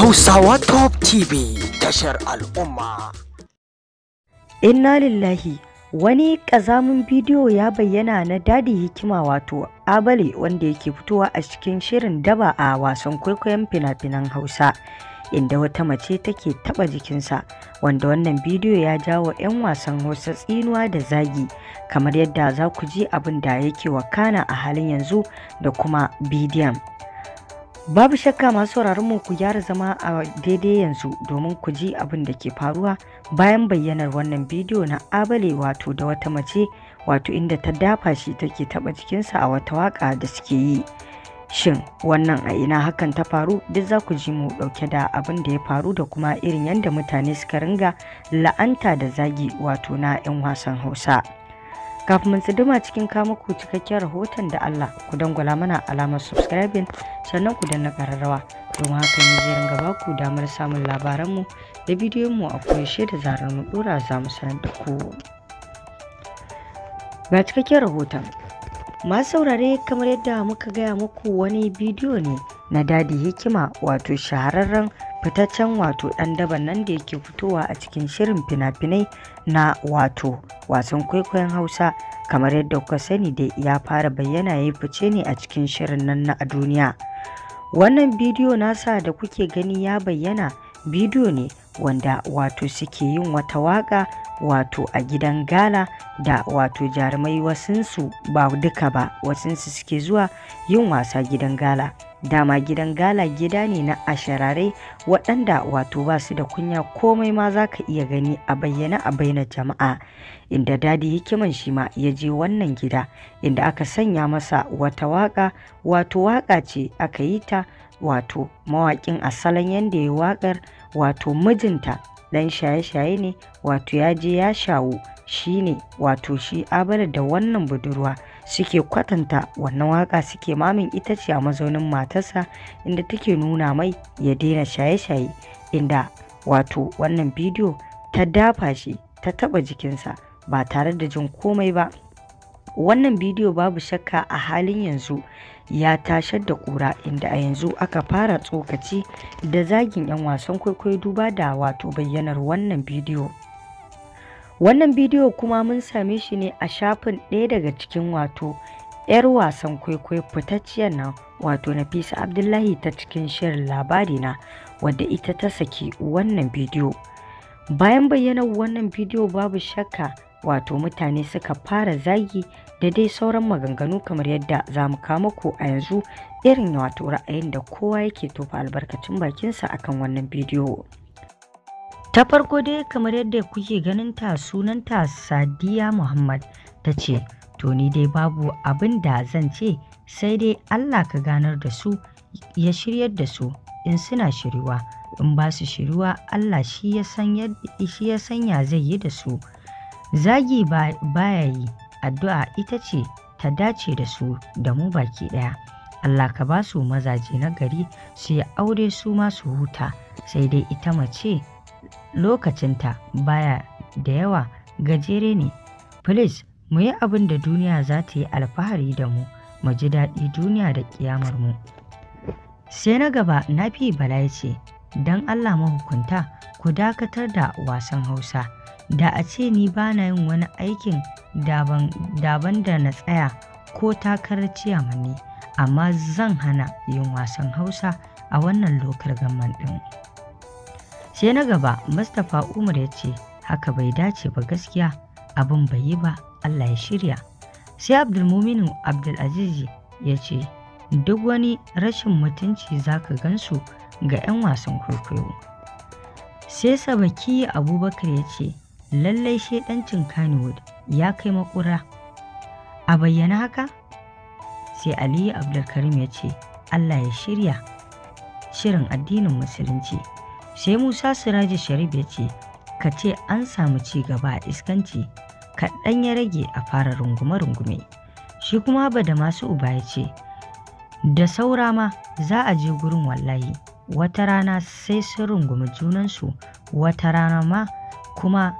Hausawa Top TV tashar al'umma. Inna lillahi wani ƙazamin bidiyo ya bayyana na dadi hikima wato abale wanda yake fitowa a cikin shirin daba a wasan kwaikwayon fina-finan Hausa. Inda wata mace take taba jikinsa wanda wannan bidiyo ya jawo 'yan wasan Hausa tsinuwa da zagi kamar yadda za ku ji abin da yake wakana a halin yanzu da kuma bidiyon. Babu shakka masu sauraron mu ku gyara zama a daidai yanzu domin ku ji abin da ke faruwa bayan bayyanar wannan bidiyo na abale wato da wata mace wato inda ta dafa shi take taba jikinsa a wata waka da suke yi. Shin wannan a ina hakan ta faru duk za ku ji mu dauke da abin da ya faru da kuma irin yadda mutane suka ringa la'anta da zagi wato na 'yan wasan Hausa. Kafin su duma cikin ku cikakken rahoton da Allah ku dangwala mana alamar subscribing sannan ku danna kararrawa don haka ne zai ringa baku damar samun labaranmu da bidiyonmu a koyaushe da zarar mu dora za mu sanar da ku. Ga cikakken rahoton. Masu saurare kamar yadda muka gaya muku wani bidiyo ne na dadi hikima wato shahararren fitaccen wato ɗan daban nan da yake fitowa a cikin shirin fina-finai na wato wasan kwaikwayon hausa kamar yadda kuka sani da ya fara bayyana ya fice ne a cikin shirin nan na a duniya wannan bidiyo nasa da kuke gani ya bayyana bidiyo ne wanda wato suke yin wata waƙa wato a gidan gala da wato jarumai wasunsu ba duka ba wasunsu suke zuwa yin wasa gidan gala dama gidan gala gida ne na ashararai waɗanda wato ba su da kunya komai ma za ka iya gani a bayyana a bainar jama'a inda dadi hikiman shi ma ya je wannan gida inda aka sanya masa wata waƙa wato waƙa ce aka yi ta wato mawakin asalin yadda ya wakar wato mijinta dan shaye-shaye ne wato ya je ya shawo shi ne wato shi abada da wannan budurwa suke kwatanta wannan waka suke mamin ita ce a mazaunin matarsa inda take nuna mai ya daina shaye-shaye inda wato wannan bidiyo ta dafa shi ta taba jikinsa ba tare da jin komai ba wannan bidiyo babu shakka a halin yanzu ya tashar da kura inda a yanzu aka fara tsokaci da zagin 'yan wasan kwaikwayo duba da wato bayyanar wannan bidiyo wannan bidiyo kuma mun same shi ne a shafin ɗaya daga cikin wato 'yar wasan kwaikwayo fitacciyar nan wato nafisa abdullahi ta cikin shirin labari na wadda ita ta saki wannan bidiyo bayan bayyanar wannan bidiyo babu shakka wato mutane suka fara zagi da dai sauran maganganu kamar yadda za mu kama ku a yanzu irin wato ra'ayin da kowa yake tofa albarkacin bakinsa akan wannan bidiyo. Ta farko dai kamar yadda kuke ganin ta sunanta Sadiya Muhammad ta ce, To ni dai babu abin da zan ce sai dai Allah ka ganar da su ya shiryar da su in suna shiriwa in ba su shiriwa Allah shi ya sanya zai yi da su. Zagi baya yi, addu'a ita ce ta dace da su da mu baki ɗaya. Allah ka ba su mazaje na gari su yi aure su ma su huta, sai dai ita mace lokacinta baya da yawa gajere ne. Please, mu yi abin da duniya za ta yi alfahari da mu, mu ji daɗi duniya da ƙiyamar mu. Sai na gaba na fi bala ya ce, don Allah mahukunta ku dakatar da wasan Hausa. Da a ce ni ba na yin wani aikin daban da na tsaya ko takarar ciya mani amma zan hana yin wasan Hausa a wannan lokar Government ɗin. Sai na gaba Mustapha Umar ya ce haka bai dace ba gaskiya abin bai yi ba Allah ya shirya. Sai Abdulmuminu Abdulaziz ya ce duk wani rashin mutunci za ka gansu ga 'yan wasan kwaikwayo. Sai Sabaki Abubakar ya ce lallai shaidancin Kannywood ya kai makura. A bayyana haka? Sai Aliyu Abdulkarim ya ce, Allah ya shirya shirin addinin Musulunci. Sai Musa Siraji Sharif ya ce, Ka ce an samu ci gaba a iskanci, kaɗan ya rage a fara rungume-rungume. Shi kuma ba da masu uba ya ce, Da saura ma za a je gurin wallahi, wata rana sai sun rungumi junansu, wata rana ma kuma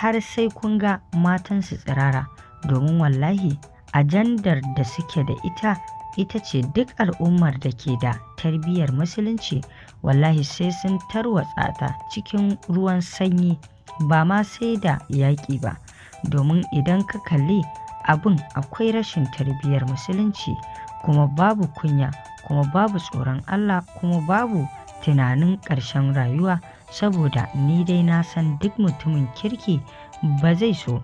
har sai kun ga matansu tsirara domin wallahi ajandar da suke da ita ita ce duk al'ummar da ke da tarbiyyar musulunci wallahi sai sun tarwatsa ta cikin ruwan sanyi ba ma sai da yaƙi ba domin idan ka kalli abin akwai rashin tarbiyyar musulunci kuma babu kunya kuma babu tsoron Allah kuma babu tunanin ƙarshen rayuwa saboda ni dai na san duk mutumin kirki ba zai so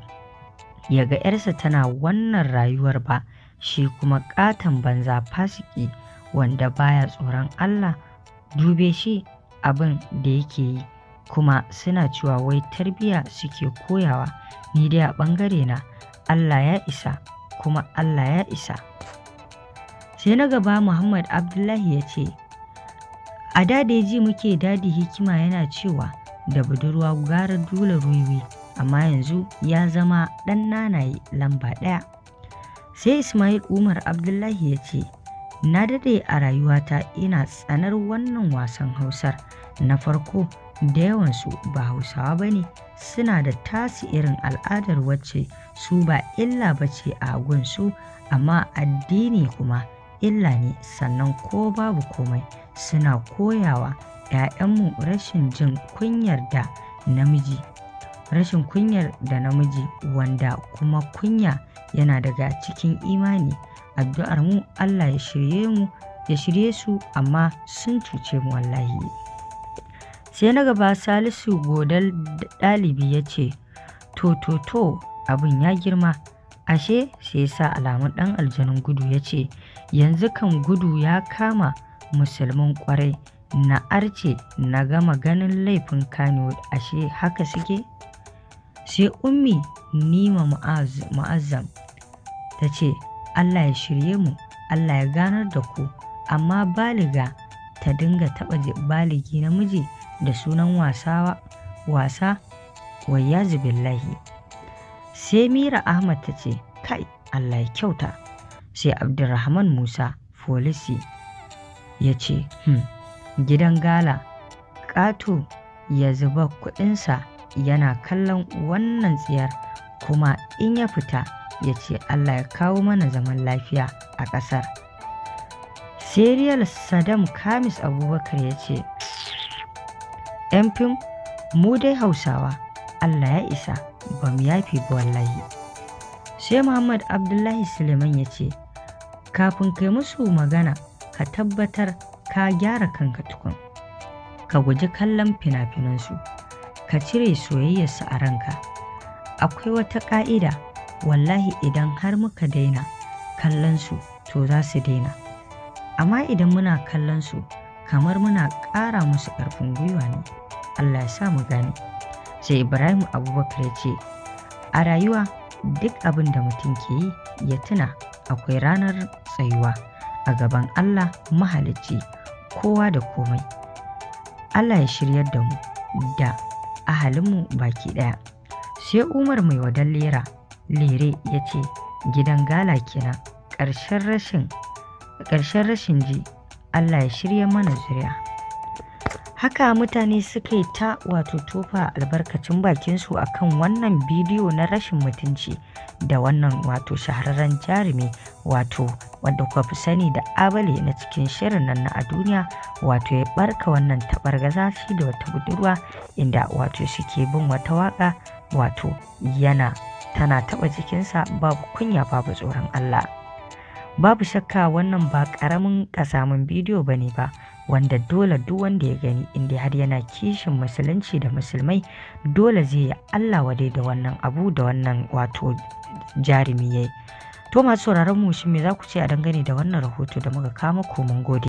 ya ga 'yarsa tana wannan rayuwar ba shi kuma ƙaton banza fasiki wanda baya tsoron Allah dube shi abin da yake yi kuma suna cewa wai tarbiya suke koyawa ni dai a ɓangare na Allah ya isa kuma Allah ya isa sai na gaba Muhammad Abdullahi ya ce A da ji muke Dadi Hikima yana cewa da budurwa gara dole ruwi amma yanzu ya zama ɗan nanaye lamba ɗaya. Sai Ismail Umar Abdullahi ya ce, Na dade a rayuwata ina tsanar wannan wasan Hausar na farko da yawansu ba Hausawa ba ne suna da tasi irin al'adar wacce su ba illa ba ce a gunsu amma addini kuma illa ne sannan ko babu komai suna koyawa 'ya'yanmu rashin jin kunyar da namiji rashin kunyar da namiji wanda kuma kunya yana daga cikin imani addu'ar mu Allah ya shirye mu ya shirye su amma sun cuce mu wallahi sai na gaba salisu godal ɗalibi ya ce to to to abin ya girma Ashe sai ya sa alamun ɗan aljanun gudu ya ce, Yanzu kan gudu ya kama musulmin ƙwarai na arce na gama ganin laifin Kano ashe haka suke? Sai ummi Nima ma'azam ta ce, Allah ya shirye mu, Allah ya ganar da ku, amma baliga ta dinga taɓa baligi namiji da sunan wasa wasa wa billahi. sai mira ahmad ta ce kai allah ya kyauta sai abdulrahman musa folisi ya ce hmm, gidan gala ƙato ya zuba kuɗinsa yana kallon wannan tsiyar kuma in ya fita ya ce allah ya kawo mana zaman lafiya a ƙasar serial saddam kamis abubakar ya ce 'yan fim mu dai hausawa Allah ya isa ba mu yafe ba wallahi sai Muhammad Abdullahi Suleiman ya ce kafin kai musu magana ka tabbatar ka gyara kanka tukun ka guji kallon fina-finansu ka cire soyayyarsu a ranka akwai wata ƙa'ida wallahi idan har muka daina kallon su to za su daina amma idan muna kallon su kamar muna ƙara musu ƙarfin gwiwa ne Allah ya sa mu gane. sai ibrahim abubakar ya ce a rayuwa duk abin da mutum ke yi ya tuna akwai ranar tsayuwa a gaban allah mahalicci kowa da komai allah ya shiryar da mu da ahalinmu baki ɗaya sai umar mai wadan lera lere ya ce gidan gala kina, ƙarshen rashin ji allah ya shirya mana zuriya haka mutane suka yi ta wato tofa albarkacin bakinsu a kan wannan bidiyo na rashin mutunci da wannan wato shahararren jarumi wato wadda kwa fi sani da abale na cikin shirin nan na a duniya wato ya barka wannan tabargaza shi da wata budurwa inda wato suke bin wata waka wato yana tana taba jikinsa babu kunya babu tsoron Allah babu shakka wannan ba karamin kasamin bidiyo bane ba wanda dole duk wanda ya gani inda har yana kishin musulunci da musulmai dole zai yi Allah wadai da wannan abu da wannan wato jarumi yayi to masu sauraron mu shi me za ku ce a dangane da wannan rahoto da muka kama ko mun gode